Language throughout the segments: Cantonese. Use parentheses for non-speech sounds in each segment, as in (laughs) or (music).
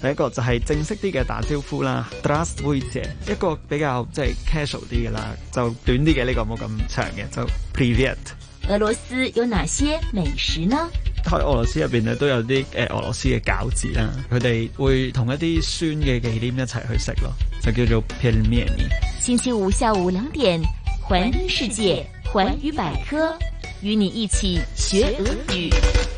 第一個就係正式啲嘅打招呼啦，dress shirt 一個比較即係 casual 啲嘅啦，就短啲嘅呢個冇咁、這個、長嘅，就 privet。俄羅斯有哪些美食呢？喺俄羅斯入邊咧都有啲誒俄羅斯嘅餃子啦，佢哋會同一啲酸嘅忌廉一齊去食咯，就叫做 pelmeni。星期五下午兩點，環宇世界、環宇百科與你一起學俄語。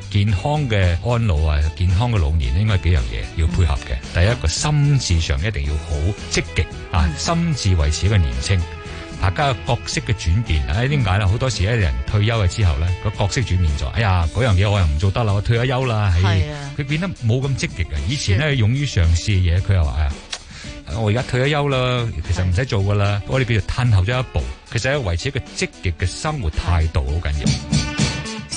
健康嘅安老啊，健康嘅老年應該幾樣嘢要配合嘅，嗯。第一個心智上一定要好積極啊，嗯，心智維持一個年輕。大家嘅角色嘅轉變，哎點解咧？好多時啲，嗯、人退休嘅之後咧，個角色轉變咗，哎呀，嗰樣嘢我又唔做得啦，嗯，我退咗休啦，係佢、啊、變得冇咁積極啊。以前咧、啊、勇於嘗試嘅嘢，佢又話我而家退咗休啦，其實唔使做噶啦，我哋叫做退後咗一步。其實係維持一個積極嘅生活態度好緊要。 (laughs)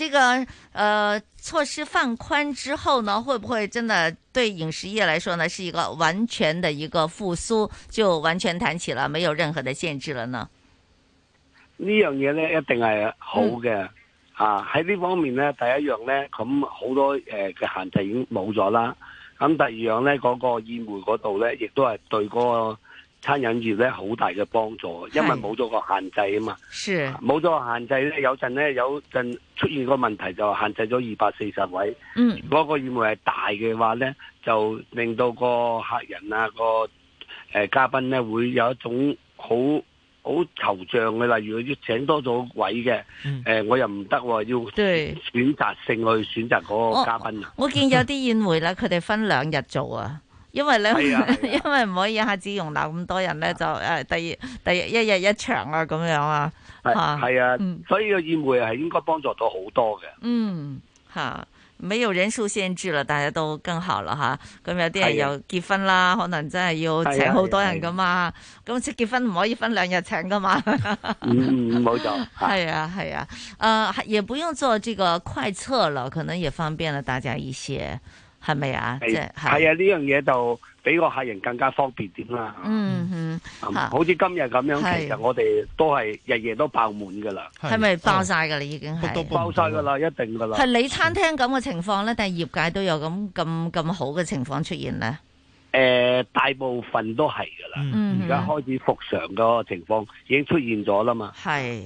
這個，呃，措施放寬之後呢，會不會真的對飲食業來說呢，是一個完全的一個復蘇，就完全彈起了，沒有任何的限制了呢？呢樣嘢咧一定係好嘅、嗯，啊，喺呢方面呢，第一樣呢，咁好多誒嘅限制已經冇咗啦，咁第二樣呢嗰、那個宴會嗰度呢亦都係對嗰、那個。餐飲業咧好大嘅幫助，因為冇咗個限制啊嘛，冇咗個限制咧，有陣咧有陣出現個問題就限制咗二百四十位。嗯，嗰個宴會係大嘅話呢就令到個客人啊、嗰個誒、呃、嘉賓呢，會有一種好好惆悵噶啦。例如果要請多咗位嘅，誒、嗯呃、我又唔得要選擇性去選擇嗰個嘉賓啊。我見有啲宴會啦，佢 (laughs) 哋分兩日做啊。因為咧、啊啊，因為唔可以一下子容納咁多人咧、啊，就誒，第一第一日一場啊，咁樣啊，係啊，係、嗯、啊，所以個宴會係應該幫助到好多嘅。嗯，吓，沒有人數限制啦，大家都更好啦，吓。咁有啲人又結婚啦、啊，可能真係要請好多人噶嘛。咁次、啊啊啊、結婚唔可以分兩日請噶嘛。嗯，冇錯。係、嗯、啊，係啊。誒、啊，亦、啊、不用做這個快測了，可能也方便了大家一些。係咪啊？係、就是、啊！呢樣嘢就俾個客人更加方便點啦。嗯嗯，好似今日咁樣，其實我哋都係日夜都爆滿噶啦。係咪爆晒噶啦？已經係。都爆晒噶啦，一定噶啦。係你餐廳咁嘅情況咧，定係業界都有咁咁咁好嘅情況出現咧？誒、嗯呃，大部分都係噶啦。而、嗯、家開始復常嘅情況已經出現咗啦嘛。係。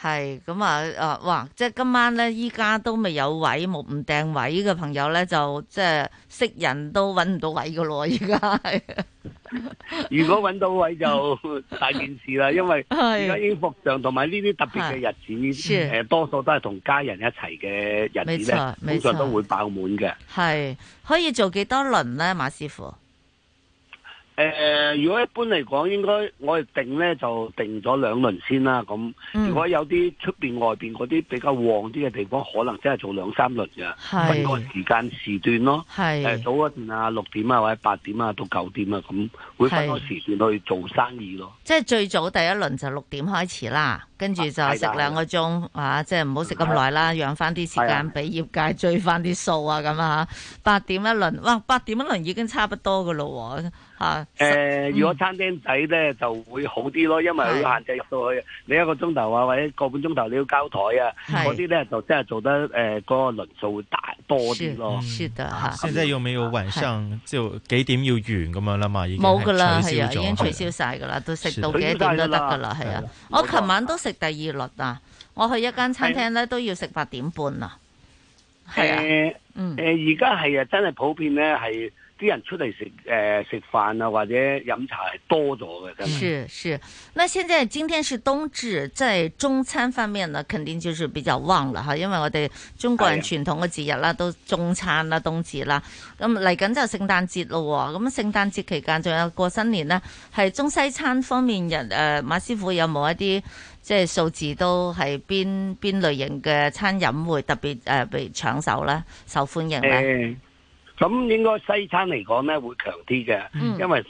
係咁啊啊！哇！即係今晚咧，依家都未有位，冇唔訂位嘅朋友咧，就即係識人都揾唔到位噶咯。依家係如果揾到位就大件事啦， (laughs) 因為而家已經服上同埋呢啲特別嘅日子，誒多數都係同家人一齊嘅日子咧，通常都會爆滿嘅。係可以做幾多輪咧，馬師傅？誒、呃，如果一般嚟講，應該我哋定呢就定咗兩輪先啦。咁、嗯、如果有啲出邊外邊嗰啲比較旺啲嘅地方，可能真係做兩三輪嘅，分開時間時段咯。係、呃、早一段啊，六點啊，或者八點啊，到九點啊，咁會分開時段去做生意咯。即係最早第一輪就六點開始啦，跟住就食兩個鐘啊，即係唔好食咁耐啦，養翻啲時間俾業界追翻啲數啊，咁啊八點一輪，哇，八點一輪已經差不多噶咯、啊。啊、呃嗯！如果餐廳仔咧就會好啲咯，因為佢限制入到去，你一個鐘頭啊，或者個半鐘頭你要交台啊，嗰啲咧就真係做得誒嗰、呃嗰個輪數大多啲咯。係、嗯、啊，咁即係要唔有晚上就係幾點要完咁樣啦嘛？已經取消咗，已經取消曬㗎啦。都食到幾點都得㗎啦。係啊，我琴晚都食第二輪啊。我去一間餐廳咧都要食八點半啊。係啊，嗯而家係啊，呃呃、真係普遍咧係。啲人出嚟食誒食飯啊，或者飲茶係多咗嘅咁。是是，那現在今天是冬至，即、就、在、是、中餐方面啊，肯定就係比較旺啦嚇，因為我哋中國人傳統嘅節日啦、哎，都中餐啦，冬至啦。咁嚟緊就聖誕節咯，咁聖誕節期間仲有過新年呢？係中西餐方面人誒、呃，馬師傅有冇一啲即係數字都係邊邊類型嘅餐飲會特別誒被、呃、搶手咧，受歡迎咧？欸咁應該西餐嚟講咧會強啲嘅、嗯，因為、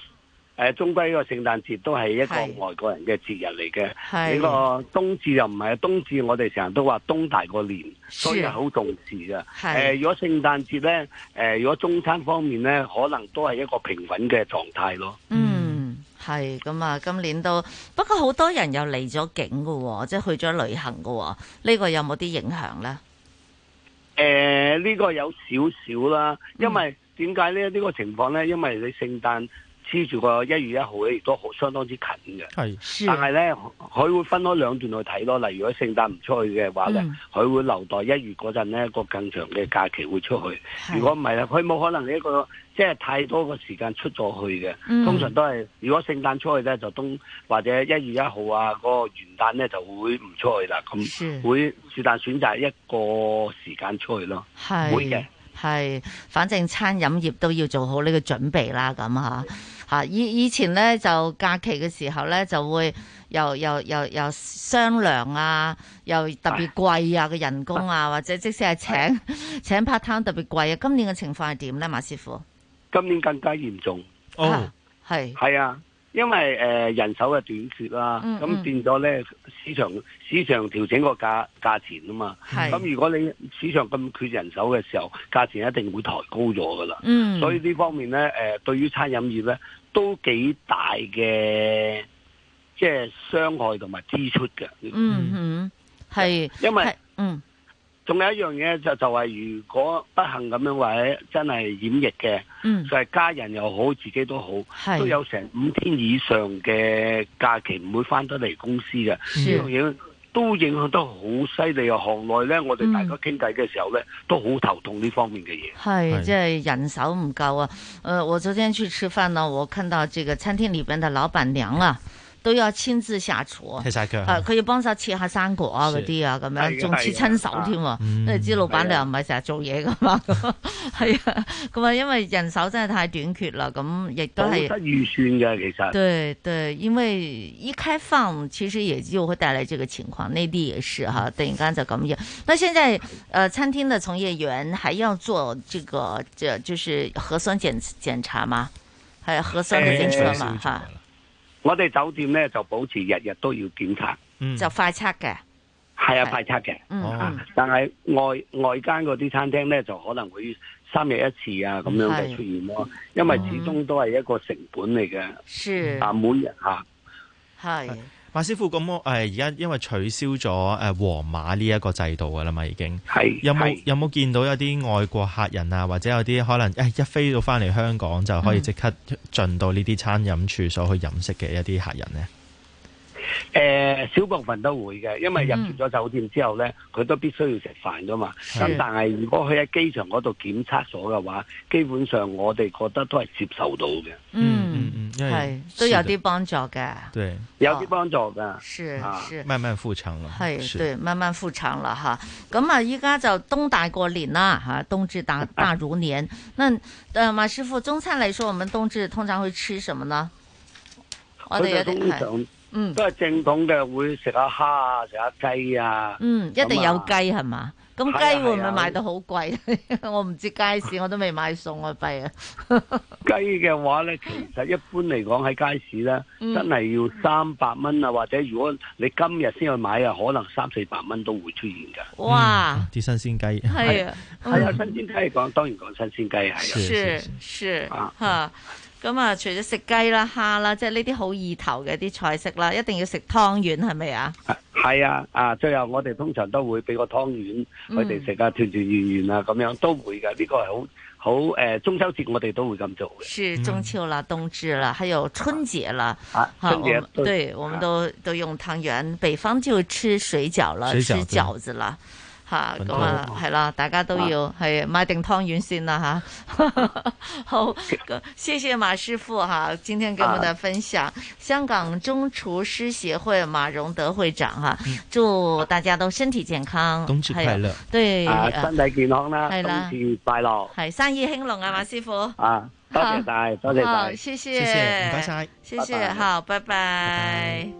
呃、中間個聖誕節都係一個外國人嘅節日嚟嘅，呢、呢個冬至又唔係冬至我哋成日都話冬大過年，所以好重視啊。誒、呃，如果聖誕節咧、呃，如果中餐方面咧，可能都係一個平穩嘅狀態咯。嗯，係咁啊，今年都不過好多人又嚟咗境㗎喎、哦，即係去咗旅行㗎喎、哦，呢、呢個有冇啲影響咧？誒、呃，呢、這個有少少啦，因為點解咧？嗯、為什麼呢、這個情況咧，因為你聖誕黐住個一月一號咧，亦都好相當之近嘅。係，但係咧，佢會分開兩段去睇咯。例如，如果聖誕唔出去嘅話咧，佢、嗯、會留待一月嗰陣咧個更長嘅假期會出去。如果唔係啦，佢冇可能你一個。即係太多個時間出咗去嘅、嗯，通常都係如果聖誕出去咧，就冬或者一月一號啊，嗰個元旦咧就會唔出去啦。咁會是但選擇一個時間出去咯，會嘅，係。反正餐飲業都要做好呢個準備啦。咁嚇嚇以以前咧就假期嘅時候咧就會又又又又商量啊，又特別貴啊個人工啊，或者即使係請請 part time 特別貴啊。今年嘅情況係點咧，馬師傅？今年更加嚴重，哦、oh. 啊，係，係啊，因為、呃、人手嘅短缺啦，咁、嗯、變咗咧市場市場調整個價價錢啊嘛，咁如果你市場咁缺人手嘅時候，價錢一定會抬高咗㗎喇，所以呢方面咧誒、呃、對於餐飲業咧都幾大嘅即係傷害同埋支出嘅，嗯嗯，係，因為嗯。仲有一樣嘢就就是、係如果不幸咁樣話咧，真係染疫嘅，就、嗯、係家人又好，自己都好，都有成五天以上嘅假期唔會返得嚟公司嘅呢樣嘢，都影響得好犀利啊！行內咧，我哋大家傾偈嘅時候咧、嗯，都好頭痛呢方面嘅嘢。係，即係人手唔夠啊！誒、呃，我昨天去吃飯啦，我看到這個餐廳裏邊的老闆娘啊。都要親自下廚啊，可以佢，要幫手切下生果啊嗰啲啊，咁樣仲切親手添，因為啲老闆娘唔係成日做嘢㗎嘛，係啊，咁啊，因為人手真係太短缺啦，咁亦都係冇得預算嘅其實。對對，因為一開放，其實也就會帶嚟呢個情況，內地也是哈。等你剛才講乜嘢？那現在，呃，餐廳的從業員還要做這個，就就是核酸檢查嗎，還核酸的檢測嘛。哎哎哎哎啊我哋酒店咧就保持日日都要檢查，嗯，就快測嘅，係啊快測嘅，但係外外間嗰啲餐廳咧就可能會三日一次啊咁樣嘅出現咯，因為始終都係一個成本嚟嘅，但每日吓係。啊馬師傅，咁我誒而家因為取消咗誒黃碼呢一個制度嘅啦嘛，已經係有冇有冇見到有啲外國客人啊，或者有啲可能誒、哎、一飛到翻嚟香港就可以即刻進到呢啲餐飲處所去飲食嘅一啲客人咧？.誒、呃，小部分都會嘅，因為入住咗酒店之後咧，佢、嗯、都必須要食飯噶嘛。咁但係如果去喺機場嗰度檢測咗嘅話，基本上我哋覺得都係接受到嘅。嗯嗯嗯，係都有啲幫助嘅。對，有啲幫助嘅、哦。是，是、啊，是，慢慢復常啦。係，對，慢慢復常啦。哈，咁啊，依家就冬大過年啦，哈，冬至大大如年。啊、那誒，馬師傅，中餐來說，我們冬至通常會吃什麼呢？我哋嘅冬。嗯，都係正統嘅，會食下蝦啊，食下雞啊。嗯，一定有雞係嘛？咁雞、啊啊、會唔會賣到好貴？是啊是啊、 (laughs) 我唔知道街市，啊、我都未買餸啊，弊啊！雞 (laughs) 嘅話咧，其實一般嚟講喺街市咧、嗯，真係要三百蚊啊，或者如果你今日先去買啊，可能三四百蚊都會出現噶。哇！啲新鮮雞係啊，係啊，新鮮雞嚟講，當然講新鮮雞係。是、啊、是、啊，吓、啊。咁啊，除咗食雞啦、蝦啦，即係呢啲好意頭嘅啲菜式啦，一定要食湯圓，係咪啊？係啊，啊，最後我哋通常都會俾個湯圓佢哋食啊，團團圓圓啊，咁樣都會㗎。呢個係好好誒，中秋節我哋都會咁做嘅。是中秋啦、嗯，冬至啦，還有春節啦。啊、春節、啊啊、對，我們都、啊、都用湯圓，北方就吃水餃啦，餃吃餃子啦。吓，咁啊，係啦、啊啊，大家都要係、啊、買定湯圓先啦，吓、啊。 (laughs) 好，謝謝馬師傅哈、啊，今天給我們的分享、啊。香港中廚師協會馬榮德會長哈、啊嗯，祝大家都身體、啊啊、身體健康，冬至快樂。對，身體健康啦，係啦，冬至快樂。係生意興隆啊，馬師傅。啊，多謝晒，多謝晒，謝謝，唔該晒，謝謝，謝，謝拜拜，好，拜拜。拜拜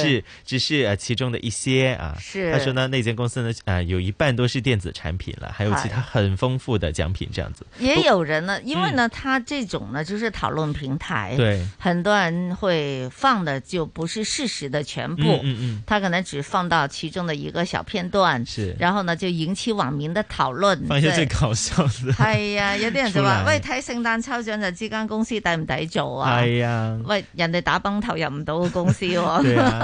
是，只是呃，其中的一些啊。是。他說呢，那間公司呢，啊、呃，有一半都是電子產品了，還有其他很豐富的獎品，這樣子。也有人呢，哦、因為呢，他、嗯、這種呢，就是討論平台，對，很多人會放的就不是事實的全部，嗯嗯，他、嗯、可能只放到其中的一個小片段，是。然後呢，就引起網民的討論。放一些最搞笑的。哎呀，有啲人就話、是：喂，睇聖誕抽獎就知間公司抵唔抵做啊？係、哎哦、 (laughs) 啊，喂，人哋打崩頭入唔到公司哦。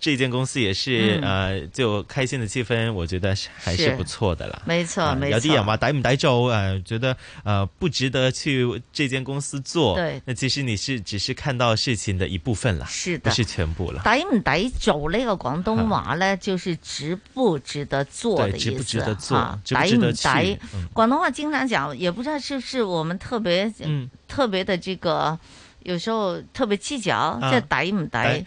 這間公司也是、嗯、呃，就開心的氣氛，我覺得是還是不錯的啦。沒錯，啊、沒錯。到底要嘛，抵唔抵做？哎、呃，覺得呃，不值得去這間公司做。對。那其實你是只是看到事情的一部分了，是的，不是全部了。抵唔抵做那個廣東話呢、啊，就是值不值得做的意思。對，值不值得做？抵唔抵？廣東話經常講，也不知道是不是我們特別嗯特別的這個，有時候特別計較，叫抵唔抵。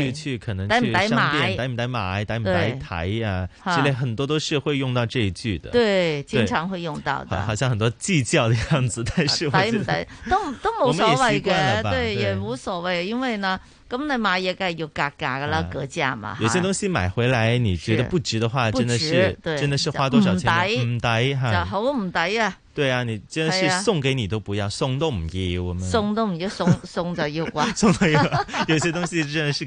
去去可能去商店，抵唔抵買？抵唔抵台啊，啊，之類很多都是會用到這一句的。對，對，經常會用到的好。好像很多計較的樣子，但是抵唔抵都都冇所謂嘅，對，也冇所謂。因為呢，咁你買嘢梗係要格價噶啦，格、啊、價嘛。有些東西買回來你覺得不值的話，真的是真的是花多少錢？唔抵哈，就好唔抵啊。對啊，啊你真的是送給你都不要，送都唔要咁樣。送都唔要，送送就要還。送就要 (laughs) 送，有些東西真的是。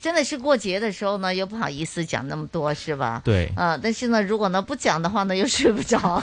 真的是過節的時候呢，又不好意思講那麼多，是吧？對。啊、呃，但是呢，如果呢不講的話呢，又睡不着。 (laughs)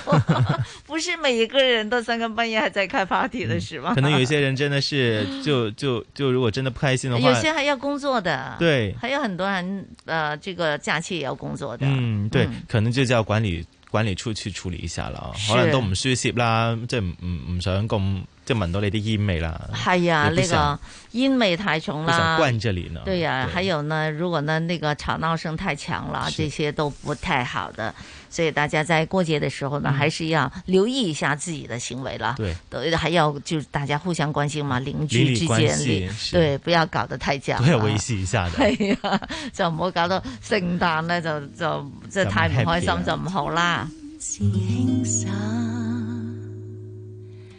(laughs) 不是每一個人都三更半夜還在開 party 的是嗎？嗯、可能有些人真的是就，就就就如果真的不開心的話， (laughs) 有些還要工作的。對，還有很多人，呃，這個假期也要工作的。嗯，對，嗯、可能就叫管理管理處去處理一下了啊。好像都不休息啦，這唔唔想咁。就聞到你啲煙味啦，係、哎、呀，那個煙味太重啦，不想慣着簾呢對呀、啊，還有呢，如果呢，那個吵鬧聲太強啦，這些都不太好的。所以大家在過節的時候呢，嗯、還是要留意一下自己的行為啦。對，都還要就大家互相關心嘛，鄰居之間理理，對，不要搞得太僵，要、啊、維繫一下的。係、哎、啊，就唔好搞到聖誕呢，就就即係太唔開心就唔好啦。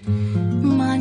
嗯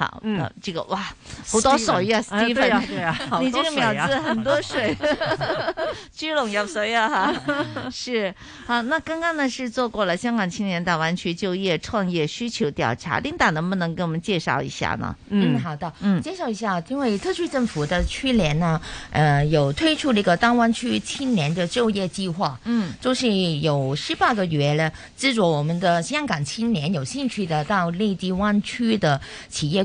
好嗯，這個哇 Stephen，好、啊 Stephen 啊啊啊，好多水啊，你這個名字很多水，豬籠入水啊， (laughs) (laughs) 是，好，那剛剛呢是做過了香港青年大灣區就業創業需求調查，Linda 能不能給我們介紹一下呢？嗯，嗯好的，嗯，介紹一下，因為特區政府的去年呢，呃，有推出一個大灣區青年的就業計劃，嗯，就是有十八個月呢，資助我們的香港青年有興趣的到內地灣區的企業。